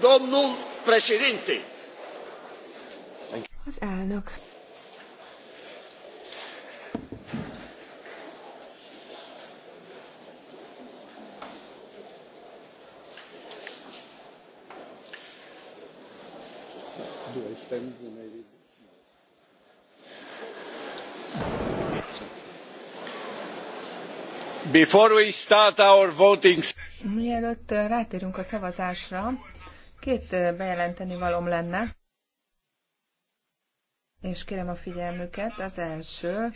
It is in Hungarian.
Domnul președinte! Az elnök. Do Before we start our voting... Mielőtt rátérünk a szavazásra, Két bejelenteni valom lenne, és kérem a figyelmüket. Az első,